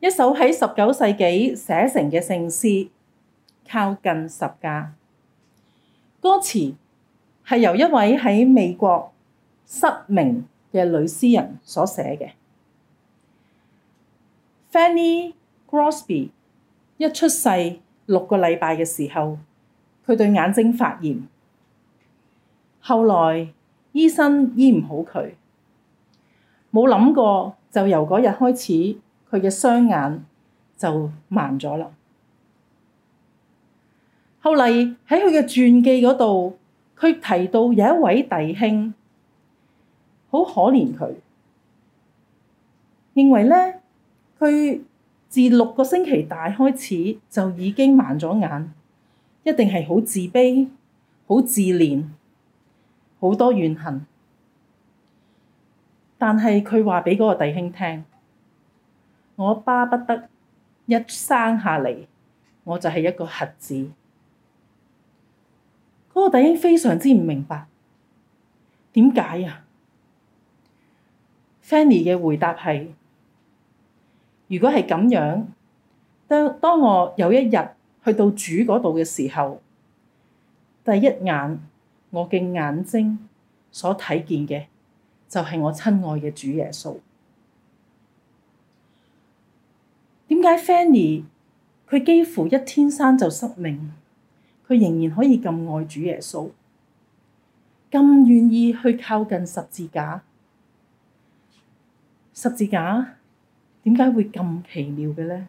一首喺十九世紀寫成嘅聖詩，靠近十架。歌詞係由一位喺美國失明嘅女詩人所寫嘅。Fanny Crosby 一出世六個禮拜嘅時候，佢對眼睛發炎，後來醫生醫唔好佢，冇諗過就由嗰日開始。佢嘅雙眼就盲咗啦。後嚟喺佢嘅傳記嗰度，佢提到有一位弟兄好可憐佢，認為咧佢自六個星期大開始就已經盲咗眼，一定係好自卑、好自憐、好多怨恨。但係佢話俾嗰個弟兄聽。我巴不得一生下嚟，我就係一個瞎子。嗰、那個弟兄非常之唔明白，點解啊？Fanny 嘅回答係：如果係咁樣，當當我有一日去到主嗰度嘅時候，第一眼我嘅眼睛所睇見嘅就係、是、我親愛嘅主耶穌。點解 Fanny 佢幾乎一天生就失明，佢仍然可以咁愛主耶穌，咁願意去靠近十字架，十字架點解會咁奇妙嘅咧？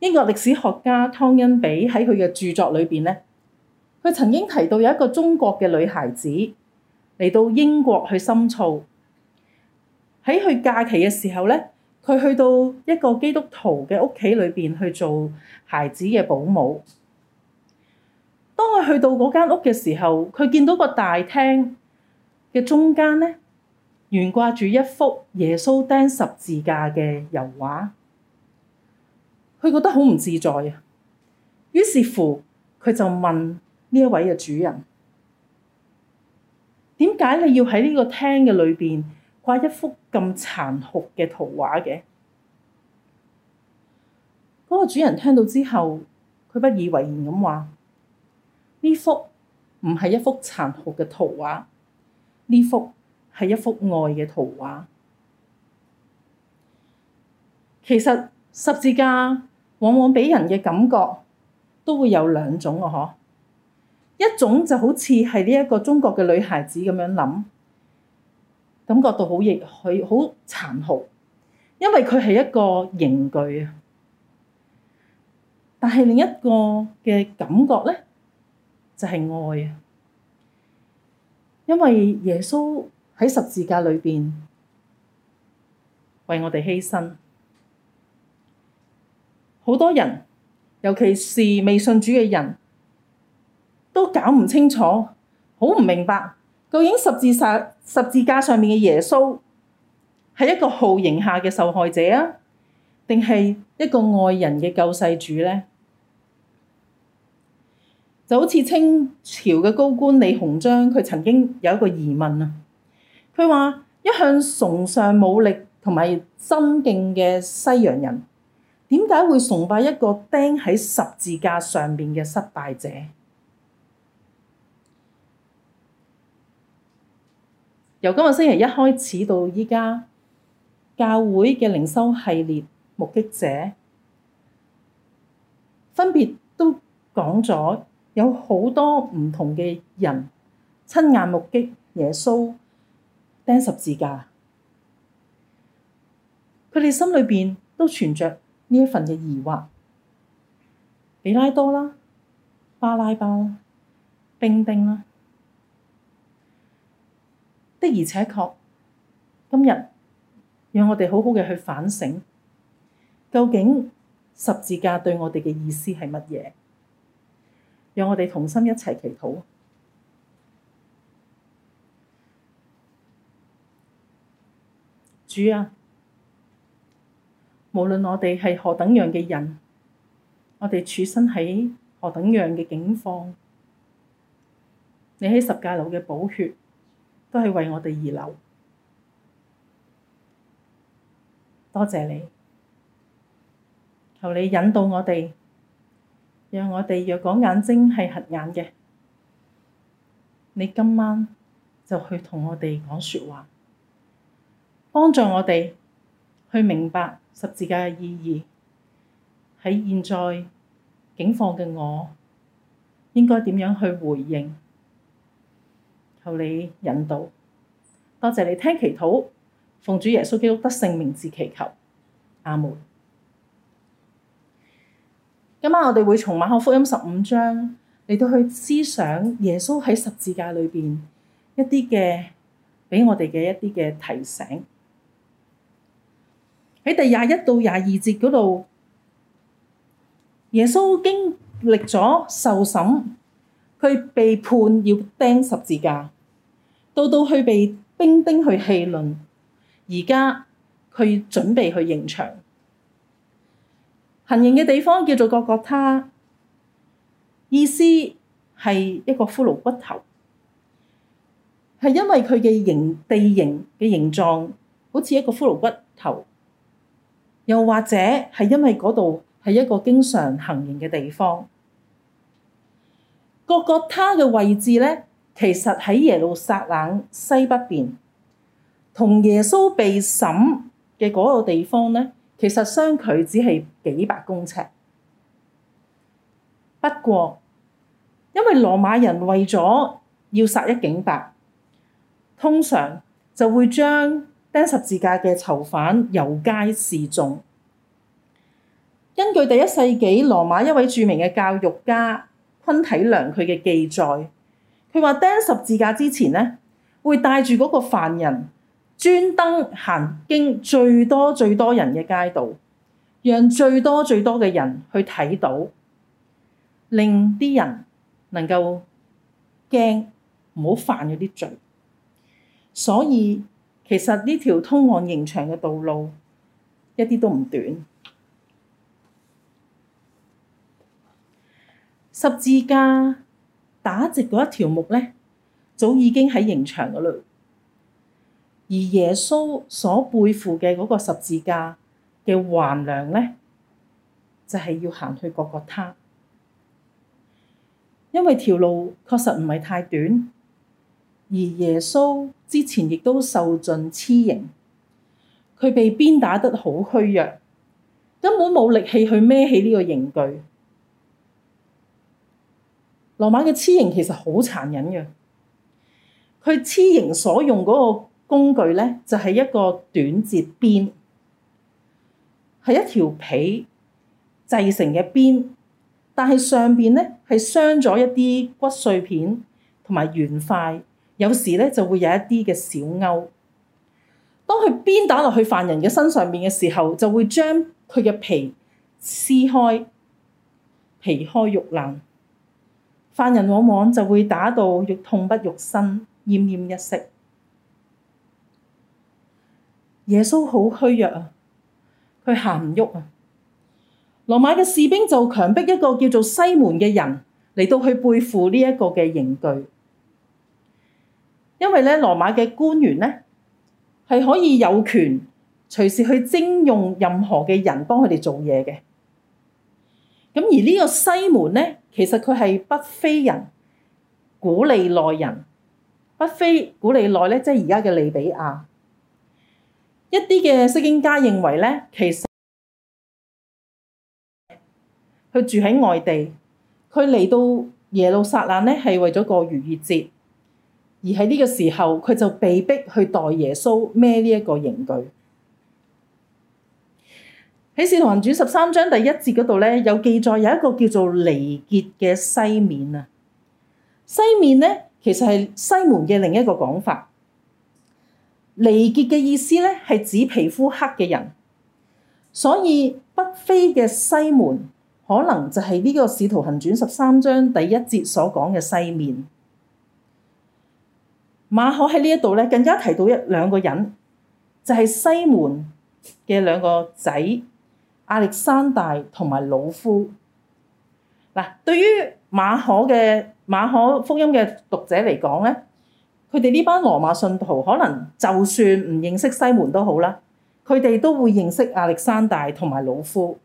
英國歷史學家湯恩比喺佢嘅著作裏邊咧，佢曾經提到有一個中國嘅女孩子嚟到英國去深造。喺佢假期嘅時候咧，佢去到一個基督徒嘅屋企裏邊去做孩子嘅保姆。當佢去到嗰間屋嘅時候，佢見到個大廳嘅中間咧懸掛住一幅耶穌釘十字架嘅油畫，佢覺得好唔自在啊！於是乎，佢就問呢一位嘅主人：點解你要喺呢個廳嘅裏邊？掛一幅咁殘酷嘅圖畫嘅，嗰、那個主人聽到之後，佢不以為然咁話：呢幅唔係一幅殘酷嘅圖畫，呢幅係一幅愛嘅圖畫。其實十字架往往俾人嘅感覺都會有兩種嘅呵，一種就好似係呢一個中國嘅女孩子咁樣諗。感覺到好犀利，好殘酷，因為佢係一個刑具啊！但係另一個嘅感覺咧，就係愛啊！因為耶穌喺十字架裏邊為我哋犧牲，好多人，尤其是未信主嘅人，都搞唔清楚，好唔明白究竟十字架。十字架上面嘅耶穌係一個號刑下嘅受害者啊，定係一個愛人嘅救世主呢？就好似清朝嘅高官李鴻章，佢曾經有一個疑問啊，佢話一向崇尚武力同埋身敬嘅西洋人，點解會崇拜一個釘喺十字架上面嘅失敗者？由今日星期一開始到而家，教會嘅靈修系列目擊者，分別都講咗有好多唔同嘅人親眼目擊耶穌釘十字架，佢哋心裏邊都存着呢一份嘅疑惑。比拉多啦、巴拉巴啦、兵丁啦。的而且確，今日讓我哋好好嘅去反省，究竟十字架對我哋嘅意思係乜嘢？讓我哋同心一齊祈禱，主啊，無論我哋係何等樣嘅人，我哋處身喺何等樣嘅境況，你喺十架流嘅寶血。都係為我哋而流，多謝你，求你引導我哋，讓我哋若講眼睛係合眼嘅，你今晚就去同我哋講説話，幫助我哋去明白十字架嘅意義，喺現在境況嘅我應該點樣去回應？求你引導，多謝你聽祈禱，奉主耶穌基督得勝名字祈求，阿門。今晚我哋會從馬可福音十五章嚟到去思想耶穌喺十字架裏邊一啲嘅，俾我哋嘅一啲嘅提醒。喺第廿一到廿二節嗰度，耶穌經歷咗受審，佢被判要釘十字架。到到去被兵丁去戲論，而家佢準備去刑場，行刑嘅地方叫做各各他，意思係一個骷髏骨頭，係因為佢嘅形地形嘅形狀好似一個骷髏骨頭，又或者係因為嗰度係一個經常行刑嘅地方。各各他嘅位置咧。其實喺耶路撒冷西北邊，同耶穌被審嘅嗰個地方呢，其實相距只係幾百公尺。不過，因為羅馬人為咗要殺一儆百，通常就會將釘十字架嘅囚犯遊街示眾。根據第一世紀羅馬一位著名嘅教育家昆體良佢嘅記載。佢話釘十字架之前咧，會帶住嗰個犯人，專登行經最多最多人嘅街道，讓最多最多嘅人去睇到，令啲人能夠驚唔好犯咗啲罪。所以其實呢條通往刑場嘅道路一啲都唔短，十字架。嗰一條木咧，早已經喺刑場嗰度。而耶穌所背負嘅嗰個十字架嘅橫梁咧，就係、是、要行去各各他，因為條路確實唔係太短。而耶穌之前亦都受盡黐刑，佢被鞭打得好虛弱，根本冇力氣去孭起呢個刑具。羅馬嘅笞刑其實好殘忍嘅，佢笞刑所用嗰個工具咧，就係、是、一個短節鞭，係一條皮製成嘅鞭，但係上邊咧係鑲咗一啲骨碎片同埋鉛塊，有時咧就會有一啲嘅小勾。當佢鞭打落去犯人嘅身上面嘅時候，就會將佢嘅皮撕開，皮開肉爛。犯人往往就會打到欲痛不欲生，奄奄一息。耶穌好虛弱啊，佢行唔喐啊。羅馬嘅士兵就強迫一個叫做西門嘅人嚟到去背負呢一個嘅刑具，因為呢，羅馬嘅官員呢係可以有權隨時去徵用任何嘅人幫佢哋做嘢嘅。咁而呢個西門咧，其實佢係北非人，古利奈人。北非古利奈咧，即係而家嘅利比亞。一啲嘅釋經家認為咧，其實佢住喺外地，佢嚟到耶路撒冷咧係為咗過逾越節，而喺呢個時候佢就被逼去代耶穌孭呢一個刑具。喺《使徒行傳》十三章第一節嗰度咧，有記載有一個叫做離結嘅西面啊。西面咧，其實係西門嘅另一個講法。離結嘅意思咧，係指皮膚黑嘅人。所以北非嘅西門，可能就係呢、這個《使徒行傳》十三章第一節所講嘅西面。馬可喺呢一度咧，更加提到一兩個人，就係、是、西門嘅兩個仔。亞歷山大同埋魯孚嗱，對於馬可嘅馬可福音嘅讀者嚟講咧，佢哋呢班羅馬信徒可能就算唔認識西門都好啦，佢哋都會認識亞歷山大同埋魯孚。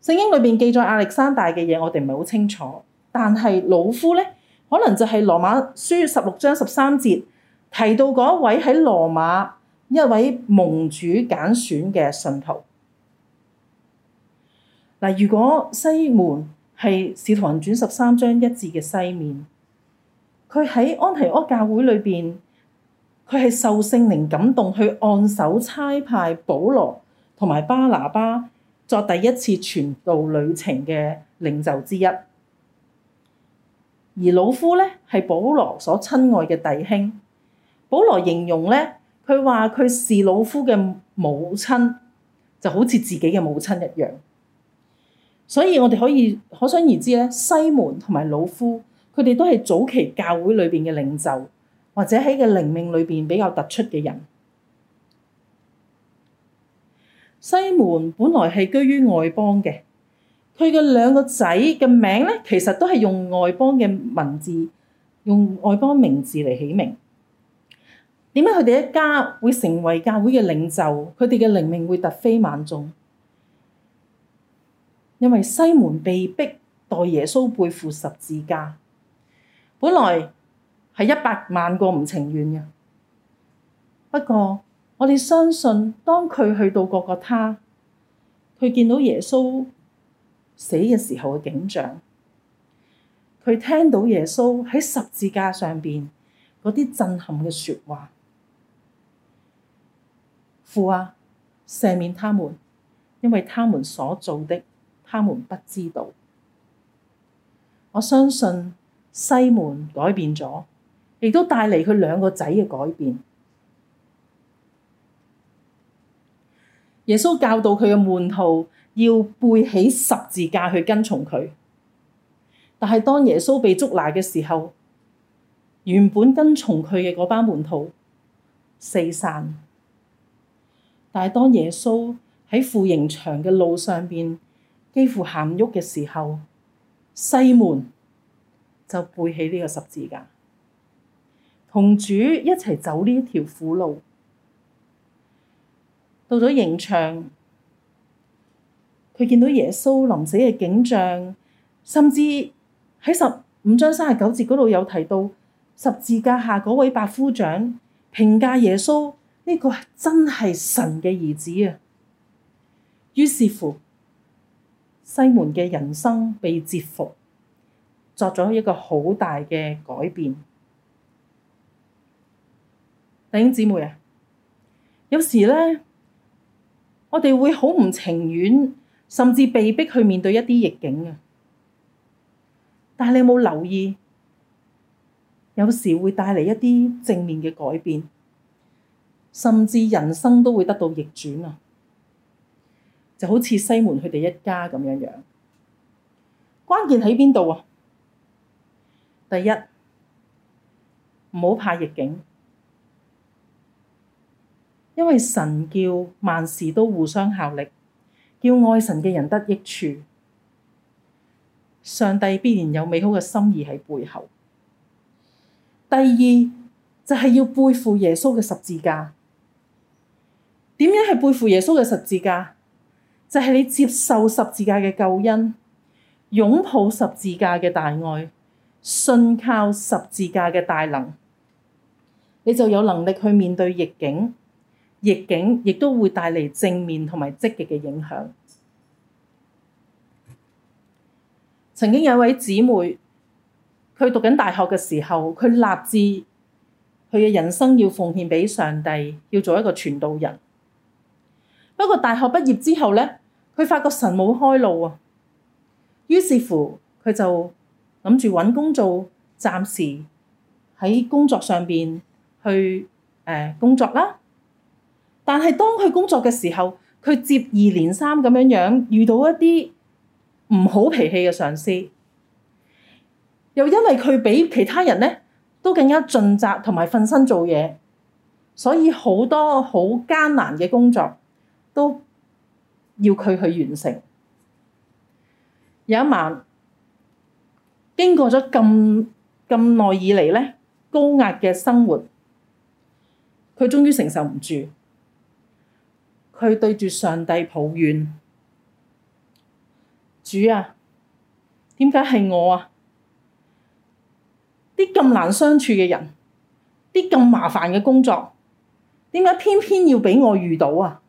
聖經裏邊記載亞歷山大嘅嘢，我哋唔係好清楚，但係魯孚咧，可能就係羅馬書十六章十三節提到嗰位喺羅馬一位蒙主揀選嘅信徒。嗱，如果西門係《使徒行傳》十三章一節嘅西面，佢喺安提阿教會裏邊，佢係受聖靈感動去按手差派保羅同埋巴拿巴作第一次傳道旅程嘅領袖之一。而老夫呢，係保羅所親愛嘅弟兄，保羅形容呢，佢話佢是老夫嘅母親，就好似自己嘅母親一樣。所以我哋可以可想而知咧，西門同埋老夫，佢哋都係早期教會裏邊嘅領袖，或者喺個靈命裏邊比較突出嘅人。西門本來係居於外邦嘅，佢嘅兩個仔嘅名咧，其實都係用外邦嘅文字，用外邦名字嚟起名。點解佢哋一家會成為教會嘅領袖？佢哋嘅靈命會突飛猛進？因為西門被逼代耶穌背負十字架，本來係一百萬個唔情願嘅。不過我哋相信，當佢去到各各他，佢見到耶穌死嘅時候嘅景象，佢聽到耶穌喺十字架上邊嗰啲震撼嘅說話：父啊，赦免他們，因為他們所做的。他們不知道，我相信西門改變咗，亦都帶嚟佢兩個仔嘅改變。耶穌教導佢嘅門徒要背起十字架去跟從佢，但係當耶穌被捉拿嘅時候，原本跟從佢嘅嗰班門徒四散。但係當耶穌喺赴刑場嘅路上邊，幾乎行唔喐嘅時候，西門就背起呢個十字架，同主一齊走呢一條苦路。到咗刑場，佢見到耶穌臨死嘅景象，甚至喺十五章三十九節嗰度有提到十字架下嗰位百夫長評價耶穌呢，這個真係神嘅兒子啊！於是乎。西門嘅人生被折服，作咗一個好大嘅改變。弟兄姊妹啊，有時呢，我哋會好唔情願，甚至被逼去面對一啲逆境嘅。但係你有冇留意？有時會帶嚟一啲正面嘅改變，甚至人生都會得到逆轉啊！就好似西門佢哋一家咁樣樣，關鍵喺邊度啊？第一，唔好怕逆境，因為神叫萬事都互相效力，叫愛神嘅人得益處，上帝必然有美好嘅心意喺背後。第二就係、是、要背負耶穌嘅十字架，點樣係背負耶穌嘅十字架？就係你接受十字架嘅救恩，擁抱十字架嘅大愛，信靠十字架嘅大能，你就有能力去面對逆境，逆境亦都會帶嚟正面同埋積極嘅影響。 曾經有一位姊妹，佢讀緊大學嘅時候，佢立志佢嘅人生要奉獻俾上帝，要做一個傳道人。不過大學畢業之後咧，佢發覺神冇開路啊，於是乎佢就諗住揾工做，暫時喺工作上邊去誒、呃、工作啦。但係當佢工作嘅時候，佢接二連三咁樣樣遇到一啲唔好脾氣嘅上司，又因為佢比其他人咧都更加盡責同埋瞓身做嘢，所以好多好艱難嘅工作都。要佢去完成。有一晚，經過咗咁咁耐以嚟咧，高壓嘅生活，佢終於承受唔住，佢對住上帝抱怨：「主啊，點解係我啊？啲咁難相處嘅人，啲咁麻煩嘅工作，點解偏偏要俾我遇到啊？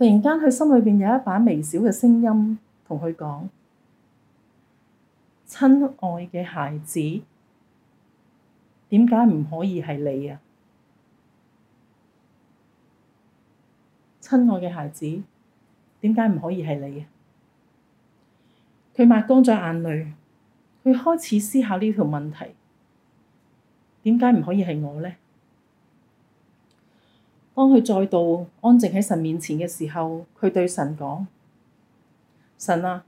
突然間，佢心裏邊有一把微小嘅聲音同佢講：親愛嘅孩子，點解唔可以係你啊？親愛嘅孩子，點解唔可以係你啊？佢抹乾咗眼淚，佢開始思考呢條問題：點解唔可以係我咧？當佢再度安靜喺神面前嘅時候，佢對神講：神啊，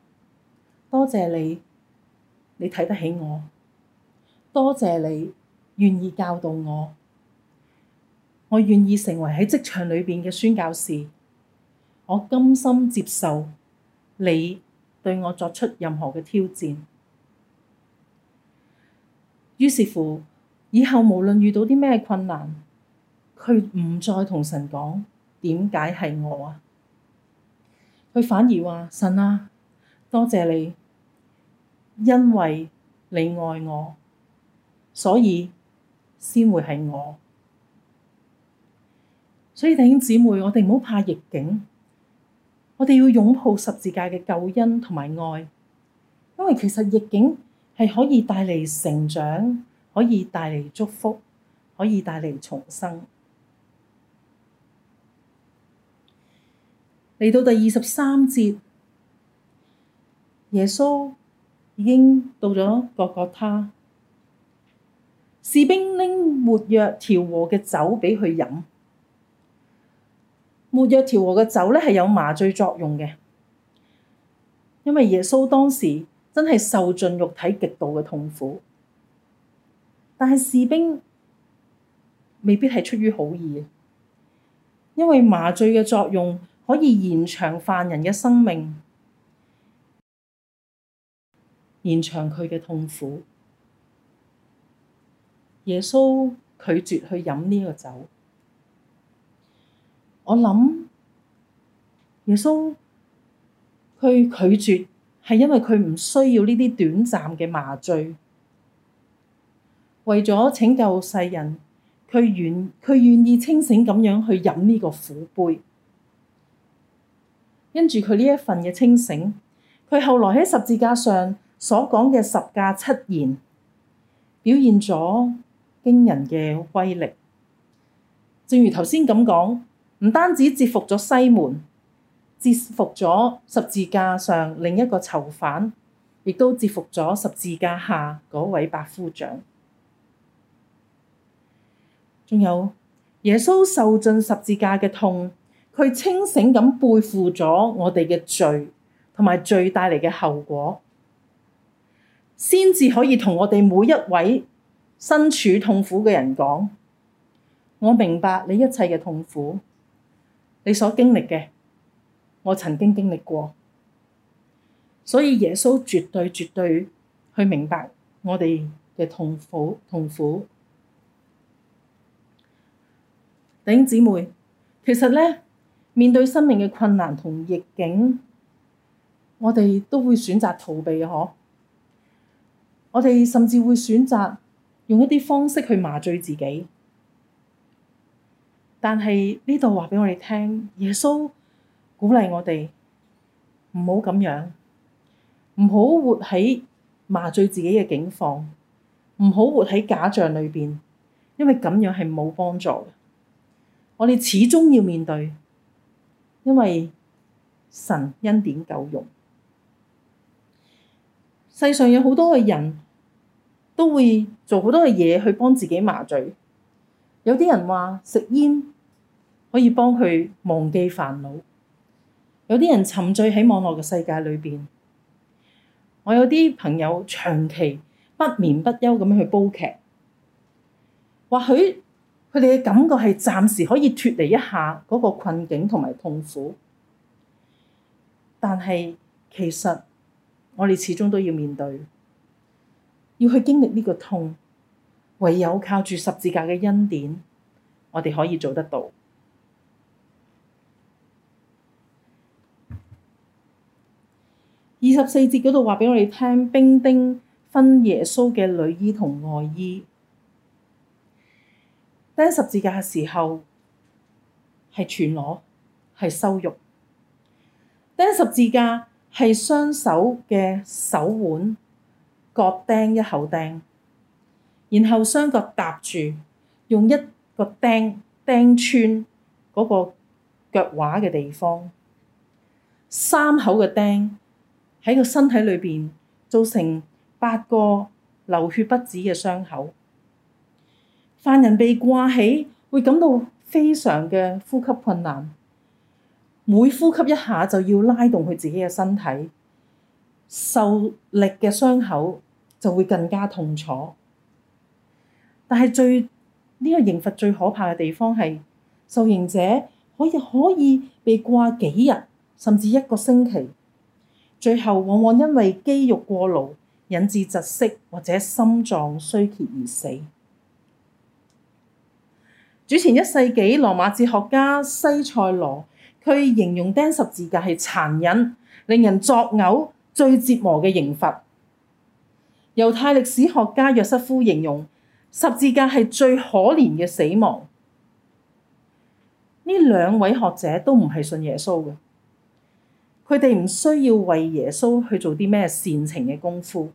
多謝你，你睇得起我，多謝你願意教導我，我願意成為喺職場裏面嘅宣教士。我甘心接受你對我作出任何嘅挑戰。於是乎，以後無論遇到啲咩困難，佢唔再同神講點解係我啊，佢反而話神啊，多謝你，因為你愛我，所以先會係我。所以弟兄姊妹，我哋唔好怕逆境，我哋要擁抱十字架嘅救恩同埋愛，因為其實逆境係可以帶嚟成長，可以帶嚟祝福，可以帶嚟重生。嚟到第二十三節，耶穌已經到咗各各他，士兵拎沒藥調和嘅酒俾佢飲，沒藥調和嘅酒咧係有麻醉作用嘅，因為耶穌當時真係受盡肉體極度嘅痛苦，但係士兵未必係出於好意，因為麻醉嘅作用。可以延長犯人嘅生命，延長佢嘅痛苦。耶穌拒絕去飲呢個酒。我諗，耶穌佢拒絕係因為佢唔需要呢啲短暫嘅麻醉，為咗拯救世人，佢願佢願意清醒咁樣去飲呢個苦杯。跟住佢呢一份嘅清醒，佢後來喺十字架上所講嘅十架七言，表現咗驚人嘅威力。正如頭先咁講，唔單止折服咗西門，折服咗十字架上另一個囚犯，亦都折服咗十字架下嗰位百夫長。仲有耶穌受盡十字架嘅痛。佢清醒咁背負咗我哋嘅罪，同埋罪帶嚟嘅後果，先至可以同我哋每一位身處痛苦嘅人講：我明白你一切嘅痛苦，你所經歷嘅，我曾經經歷過。所以耶穌絕對絕對去明白我哋嘅痛苦痛苦。弟兄姊妹，其實咧。面對生命嘅困難同逆境，我哋都會選擇逃避，嗬。我哋甚至會選擇用一啲方式去麻醉自己，但係呢度話俾我哋聽，耶穌鼓勵我哋唔好咁樣，唔好活喺麻醉自己嘅境況，唔好活喺假象裏面，因為咁樣係冇幫助嘅。我哋始終要面對。因為神恩典夠用，世上有好多嘅人都會做好多嘅嘢去幫自己麻醉。有啲人話食煙可以幫佢忘記煩惱，有啲人沉醉喺網絡嘅世界裏邊。我有啲朋友長期不眠不休咁樣去煲劇，或許。佢哋嘅感覺係暫時可以脫離一下嗰個困境同埋痛苦，但係其實我哋始終都要面對，要去經歷呢個痛，唯有靠住十字架嘅恩典，我哋可以做得到。二十四節嗰度話畀我哋聽，兵丁分耶穌嘅內衣同外衣。釘十字架嘅時候係全裸，係羞辱。釘十字架係雙手嘅手腕各釘一口釘，然後雙腳搭住，用一個釘釘穿嗰個腳踝嘅地方，三口嘅釘喺個身體裏邊造成八個流血不止嘅傷口。犯人被掛起，會感到非常嘅呼吸困難，每呼吸一下就要拉動佢自己嘅身體，受力嘅傷口就會更加痛楚。但係最呢、呢個刑罰最可怕嘅地方係，受刑者可以可以被掛幾日，甚至一個星期，最後往往因為肌肉過勞引致窒息或者心臟衰竭而死。主前一世紀羅馬哲學家西塞羅，佢形容釘十字架係殘忍、令人作嘔、最折磨嘅刑罰。猶太歷史學家約瑟夫形容十字架係最可憐嘅死亡。呢兩位學者都唔係信耶穌嘅，佢哋唔需要為耶穌去做啲咩煽情嘅功夫。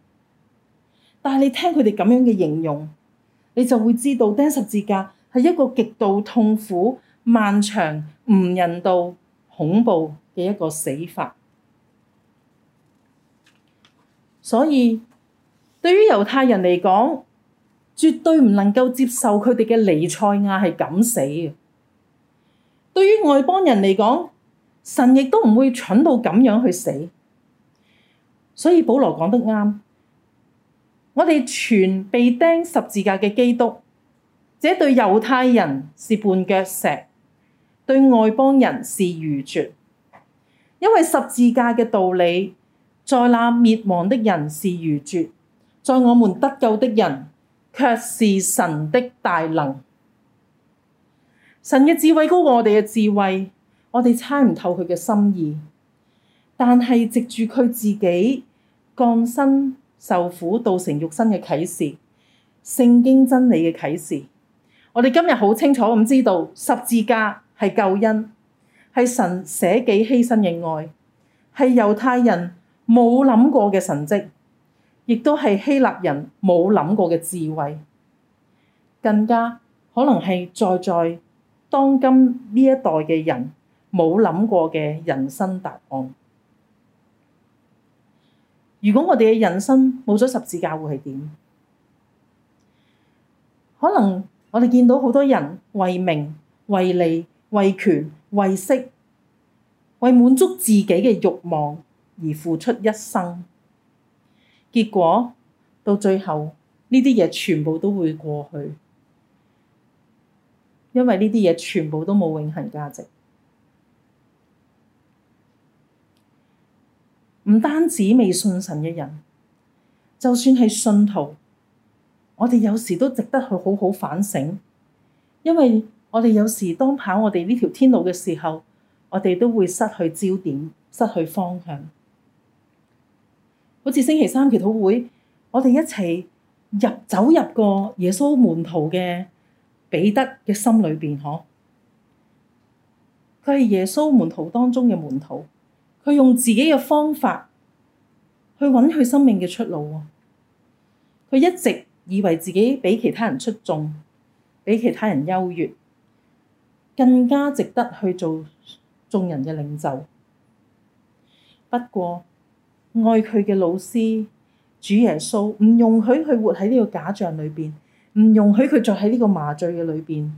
但係你聽佢哋咁樣嘅形容，你就會知道釘十字架。係一個極度痛苦、漫長、唔人道、恐怖嘅一個死法。所以，對於猶太人嚟講，絕對唔能夠接受佢哋嘅彌賽亞係咁死嘅。對於外邦人嚟講，神亦都唔會蠢到咁樣去死。所以保羅講得啱，我哋傳被釘十字架嘅基督。這對猶太人是絆腳石，對外邦人是愚拙。因為十字架嘅道理，在那滅亡的人是愚拙，在我們得救的人卻是神的大能。神嘅智慧高過我哋嘅智慧，我哋猜唔透佢嘅心意，但係藉住佢自己降生受苦、道成肉身嘅啟示，聖經真理嘅啟示。我哋今日好清楚咁知道十字架係救恩，係神捨己犧牲嘅愛，係猶太人冇諗過嘅神蹟，亦都係希臘人冇諗過嘅智慧，更加可能係在在當今呢一代嘅人冇諗過嘅人生答案。如果我哋嘅人生冇咗十字架會係點？可能？我哋見到好多人為名、為利、為權、為色，為滿足自己嘅慾望而付出一生，結果到最後呢啲嘢全部都會過去，因為呢啲嘢全部都冇永恆價值。唔單止未信神嘅人，就算係信徒。我哋有時都值得去好好反省，因為我哋有時當跑我哋呢條天路嘅時候，我哋都會失去焦點、失去方向。好似星期三祈禱會，我哋一齊入走入個耶穌門徒嘅彼得嘅心裏面，嗬。佢係耶穌門徒當中嘅門徒，佢用自己嘅方法去揾佢生命嘅出路喎。佢一直以為自己比其他人出眾，比其他人優越，更加值得去做眾人嘅領袖。不過，愛佢嘅老師主耶穌唔容許佢活喺呢個假象裏邊，唔容許佢着喺呢個麻醉嘅裏邊。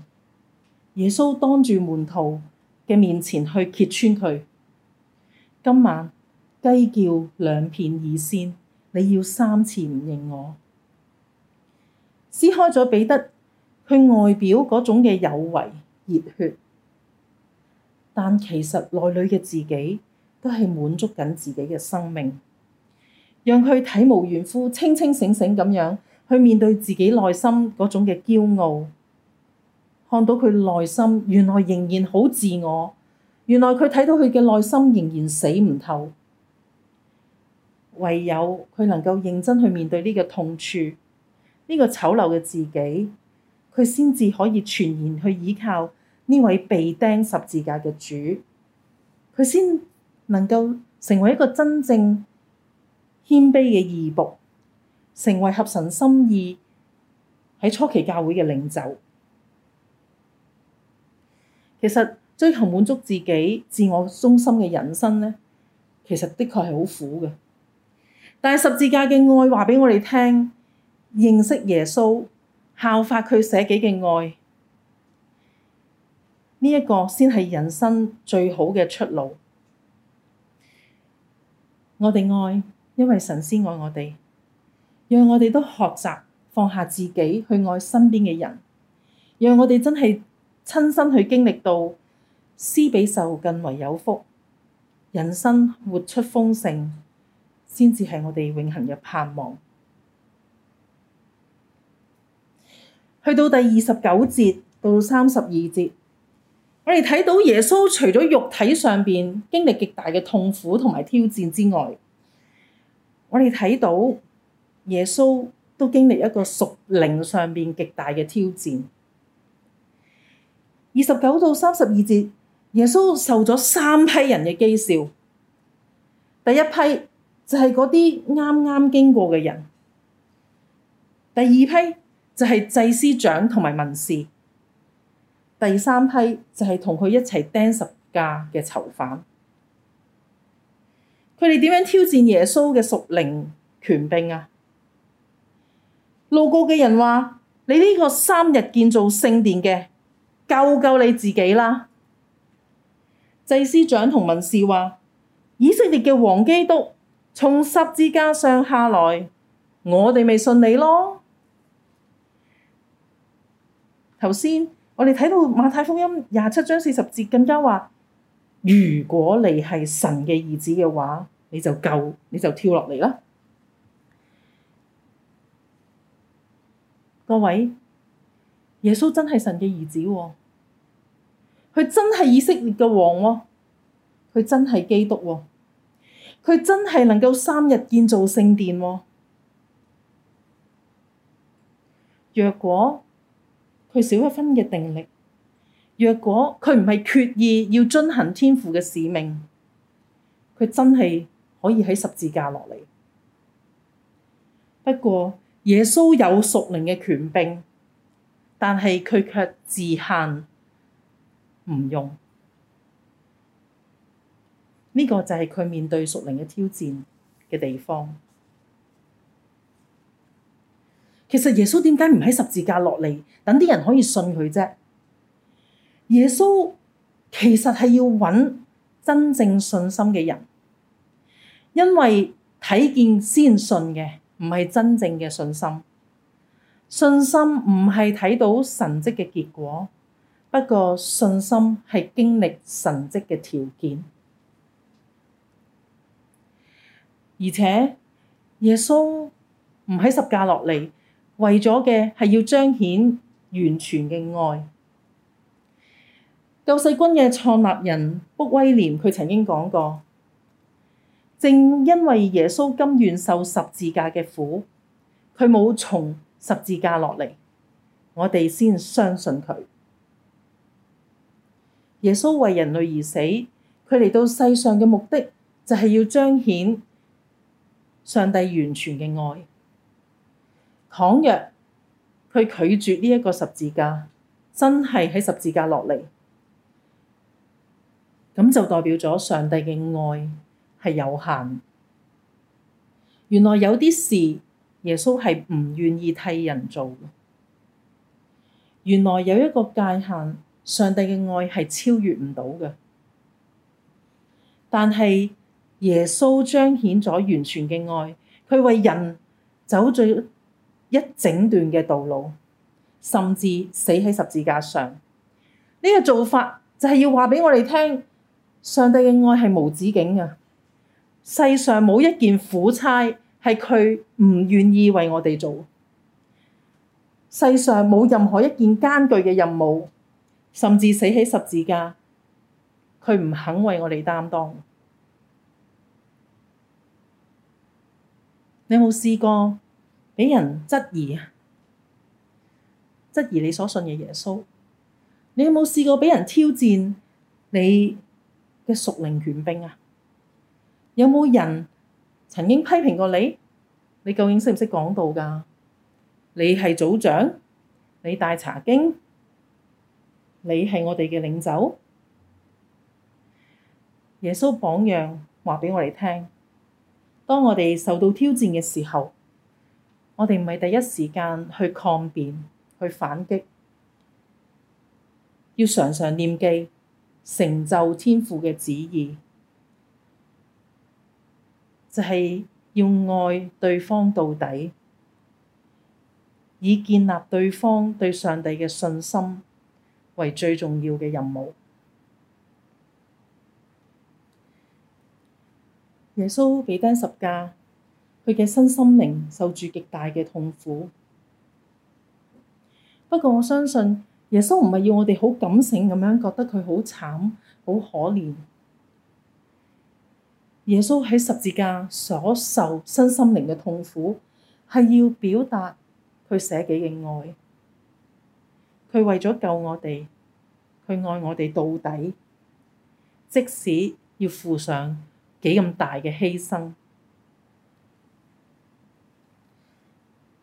耶穌當住門徒嘅面前去揭穿佢。今晚雞叫兩遍以先，你要三次唔認我。支開咗彼得，佢外表嗰種嘅有為熱血，但其實內裏嘅自己都係滿足緊自己嘅生命，讓佢體無完膚、清清醒醒咁樣去面對自己內心嗰種嘅驕傲，看到佢內心原來仍然好自我，原來佢睇到佢嘅內心仍然死唔透，唯有佢能夠認真去面對呢個痛處。呢個醜陋嘅自己，佢先至可以全然去倚靠呢位被釘十字架嘅主，佢先能夠成為一個真正謙卑嘅義僕，成為合神心意喺初期教會嘅領袖。其實追求滿足自己、自我中心嘅人生呢，其實的確係好苦嘅。但係十字架嘅愛話俾我哋聽。認識耶穌，效法佢捨己嘅愛，呢一個先係人生最好嘅出路。我哋愛，因為神先愛我哋，讓我哋都學習放下自己去愛身邊嘅人，讓我哋真係親身去經歷到施比受更為有福，人生活出豐盛，先至係我哋永恆嘅盼望。去到第二十九節到三十二節，我哋睇到耶穌除咗肉體上邊經歷極大嘅痛苦同埋挑戰之外，我哋睇到耶穌都經歷一個屬靈上邊極大嘅挑戰。二十九到三十二節，耶穌受咗三批人嘅譏笑。第一批就係嗰啲啱啱經過嘅人，第二批，就係祭司長同埋文士，第三批就係同佢一齊釘十架嘅囚犯。佢哋點樣挑戰耶穌嘅屬靈權柄啊？路過嘅人話：你呢個三日建造聖殿嘅，救救你自己啦。祭司長同文士話：以色列嘅王基督從十字架上下來，我哋咪信你咯。頭先我哋睇到馬太福音廿七章四十節，更加話：如果你係神嘅兒子嘅話，你就救，你就跳落嚟啦！各位，耶穌真係神嘅兒子喎，佢真係以色列嘅王喎，哦，佢真係基督喎，哦，佢真係能夠三日建造聖殿喎，哦。若果佢少一分嘅定力，若果佢唔係決意要遵行天父嘅使命，佢真係可以喺十字架落嚟。不過耶穌有屬靈嘅權柄，但係佢卻自限唔用。呢個就係佢面對屬靈嘅挑戰嘅地方。其實耶穌點解唔喺十字架落嚟，等啲人可以信佢啫？耶穌其實係要揾真正信心嘅人，因為睇見先信嘅唔係真正嘅信心，信心唔係睇到神跡嘅結果，不過信心係經歷神跡嘅條件，而且耶穌唔喺十字架落嚟。為咗嘅係要彰顯完全嘅愛。救世軍嘅創立人卜威廉，佢曾經講過，正因為耶穌甘願受十字架嘅苦，佢冇從十字架落嚟，我哋先相信佢。耶穌為人類而死，佢嚟到世上嘅目的，就係要彰顯上帝完全嘅愛。倘若佢拒絕呢一個十字架，真係喺十字架落嚟，咁就代表咗上帝嘅愛係有限。原來有啲事耶穌係唔願意替人做嘅。原來有一個界限，上帝嘅愛係超越唔到嘅。但係耶穌彰顯咗完全嘅愛，佢為人走最，一整段嘅道路，甚至死喺十字架上，呢、呢個做法就係要話俾我哋聽，上帝嘅愛係無止境嘅。世上冇一件苦差係佢唔願意為我哋做，世上冇任何一件艱巨嘅任務，甚至死喺十字架，佢唔肯為我哋擔當。你有冇試過？畀人質疑啊！質疑你所信嘅耶穌，你有冇試過畀人挑戰你嘅屬靈權柄啊？有冇人曾經批評過你？你究竟識唔識講道㗎？你係組長，你帶查經，你係我哋嘅領袖。耶穌榜樣話畀我哋聽：當我哋受到挑戰嘅時候，我哋唔係第一時間去抗辯、去反擊，要常常念記成就天父嘅旨意，就係、是、要愛對方到底，以建立對方對上帝嘅信心為最重要嘅任務。耶穌俾單十架。佢嘅身心靈受住極大嘅痛苦。不過我相信耶穌唔係要我哋好感性咁樣覺得佢好慘好可憐。耶穌喺十字架所受身心靈嘅痛苦，係要表達佢捨己嘅愛。佢為咗救我哋，佢愛我哋到底，即使要付上幾咁大嘅犧牲。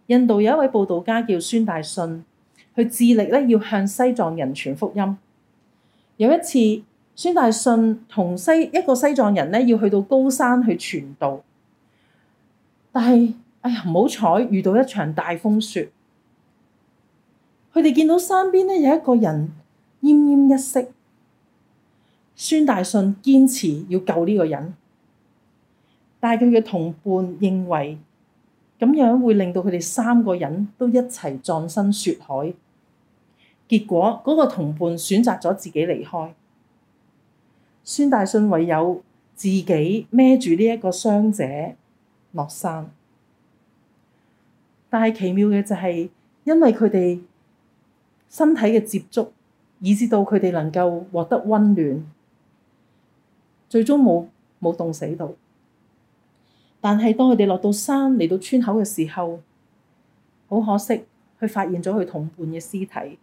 印度有一位佈道家叫孫大信，佢致力咧要向西藏人傳福音。有一次，孫大信同西一個西藏人咧要去到高山去傳道，但係哎呀，唔好彩遇到一場大風雪。佢哋見到山邊咧有一個人奄奄一息，孫大信堅持要救呢個人，但係佢嘅同伴認為。咁樣會令到佢哋三個人都一齊葬身雪海，結果嗰、那個同伴選擇咗自己離開，孫大信唯有自己孭住呢一個傷者落山。但係奇妙嘅就係，因為佢哋身體嘅接觸，以致到佢哋能夠獲得温暖，最終冇冇凍死到。但係，當佢哋落到山嚟到村口嘅時候，好可惜，佢發現咗佢同伴嘅屍體。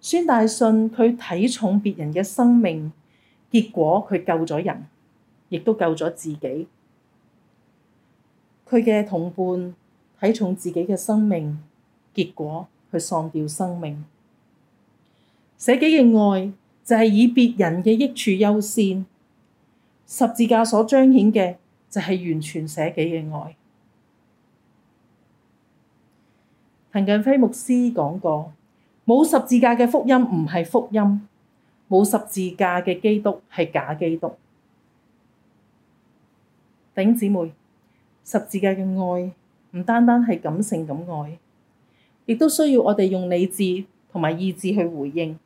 孫大信佢睇重別人嘅生命，結果佢救咗人，亦都救咗自己。佢嘅同伴睇重自己嘅生命，結果佢喪掉生命。捨己嘅愛就係以別人嘅益處優先。十字架所彰顯嘅就係完全捨己嘅愛。滕近輝牧師講過：冇十字架嘅福音唔係福音，冇十字架嘅基督係假基督。弟兄姊妹，十字架嘅愛唔單單係感性咁愛，亦都需要我哋用理智同埋意志去回應。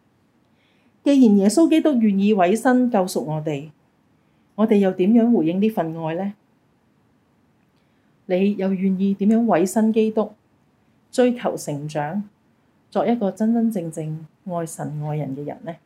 既然耶穌基督願意委身救贖我哋。我哋又點樣回應呢份愛咧？你又願意點樣委身基督，追求成長，作一個真真正正愛神愛人嘅人咧？